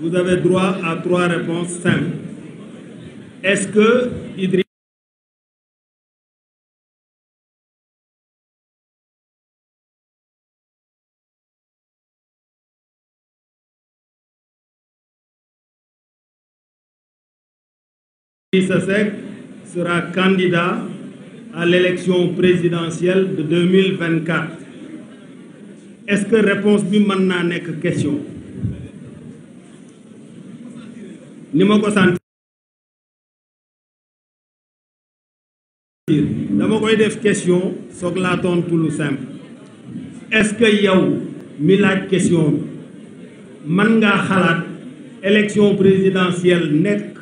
vous avez droit à trois réponses simples. Est-ce que Idriss Sasek sera candidat à l'élection présidentielle de 2024 est-ce que réponse bi mën naa nekk question ni ma ko sant dama koy def question soog laa tontu lu simple est-ce yow mi laaj question bi mën ngaa xalaat élection présidentielle nekk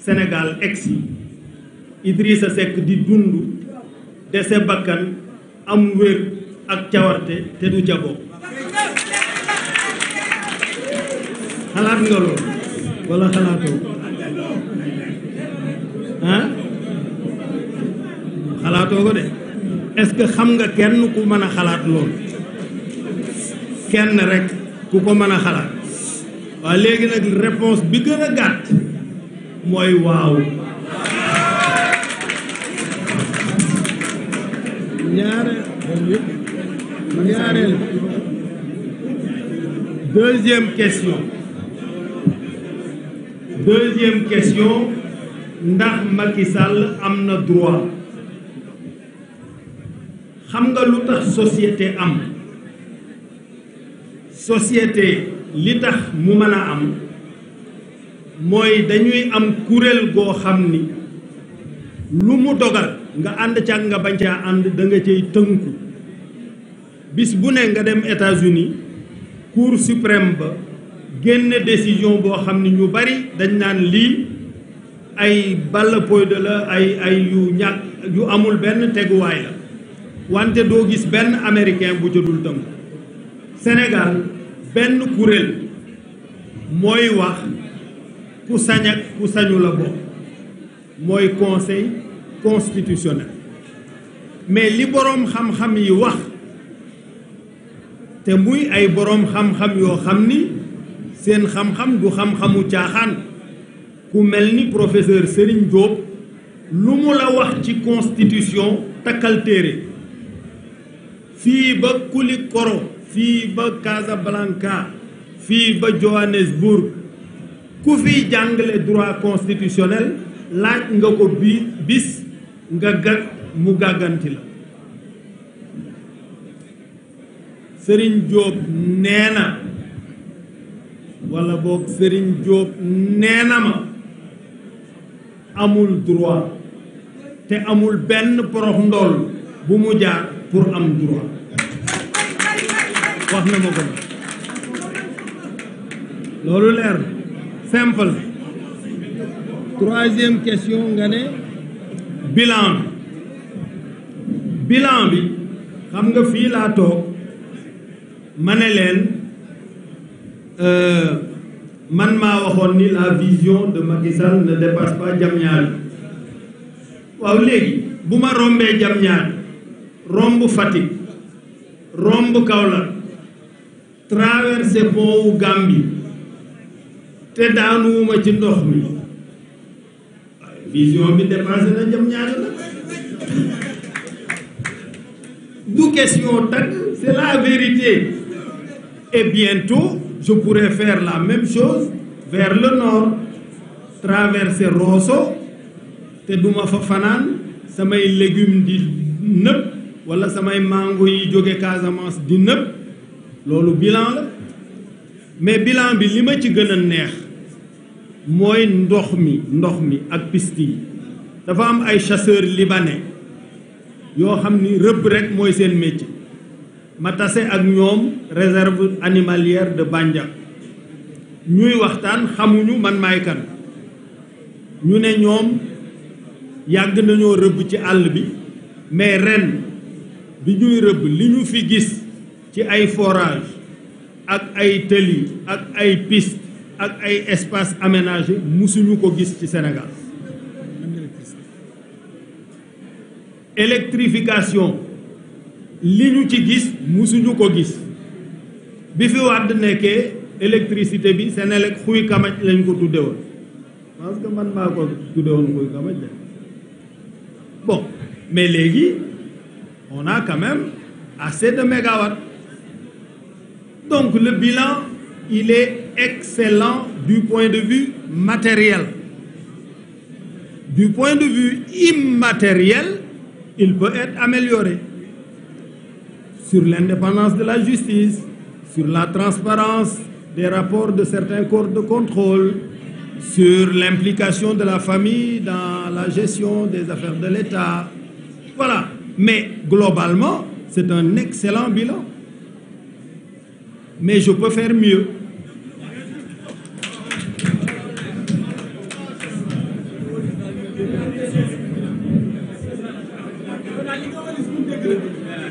Sénégal egsi Idrissa Seck di dundu dese bakkan am wér ak cawarte te du ca xalaat nga loolu wala xalaatoo ah xalaatoo ko de est-ce que xam nga kenn ku mën a xalaat loolu kenn rek ku ko mën a xalaat waaw léegi nag réponse bi gën a gàtt mooy waaw ñaareel ñaareel deuxième question deuxième question ndax Macky Sall am na droit xam nga lu tax société am société li tax mu mën a am mooy dañuy am kuréel goo xam ni lu mu dogal nga ànd caag nga bañ caa ànd da nga cay tënku bis bu ne nga dem États-Unis cour suprême ba génn décision boo xam ne ñu bari dañ naan lii ay balla poy de la ay ay yu ñàkk yu amul benn teguwaay la wante doo gis benn américain bu ca dul tënku benn kurél mooy wax ku sañu la bokk mooy conseil constitutionnel mais li boroom xam-xam yi wax te muy ay boroom xam-xam yoo xam ni seen xam-xam du xam-xamu caaxaan ku mel ni professeur Serigne Diop lu mu la wax ci constitution takkal téere fii ba Koulikoro fii ba Casablanca fii ba Johannesburg ku fi jàngale droit constitutionnel laaj nga ko bis nga gàgg mu gàgganti la sëriñ Diop nee wala boog Serigne Diop nee amul droit te amul benn porox ndool bu mu jaar pour am droit wax na ma ko loolu leer simple troisième question nga ne bilan bi bilan bi xam nga fii laa toog ma ne leen euh, man maa waxoon ni la vision de Macky Sall dépasse pas Diamniadio waaw léegi bu ma rombee Diamniadio romb Fatick romb Kaolack traversé pont wu Gambie te daanuwuma ci ndox mi vision bi dépassé na Diamniadio la du question tag c'est la vérité et bientôt je pourrais faire la même chose vers le nord traverser Rosso te duma fa fanaan samay légumes di nëb wala samay màngo yi jóge Casamance di nëb loolu bilan la mais bilan bi li ma ci gën a neex mooy ndox mi ndox mi ak piste dafa am ay chasseurs libanais yoo xam ni rëbb rek mooy seen métier matase ak ñoom réserve animalière de Bandia ñuy waxtaan xamuñu man maay kan ñu ne ñoom yàgg nañoo rëbb ci àll bi mais ren bi ñuy rëbb li ñu fi gis ci ay forage ak ay tëli ak ay piste ak ay espace aménagé musuñu ko gis ci Sénégal électrification li ñu ci gis musuñu ko gis bi fi Wàdd nekkee électricité bi Senelec xuy kamaj lañ ko tudde woon parce que man maa ko tudde woon bon mais léegi on a quand même assez de mégawatts donc le bilan il est excellent du point de vue matériel du point de vue immatériel il peut être amélioré sur l'indépendance de la justice, sur la transparence des rapports de certains corps de contrôle, sur l'implication de la famille dans la gestion des affaires de l'État. Voilà. Mais globalement, c'est un excellent bilan. Mais je peux faire mieux.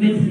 Merci.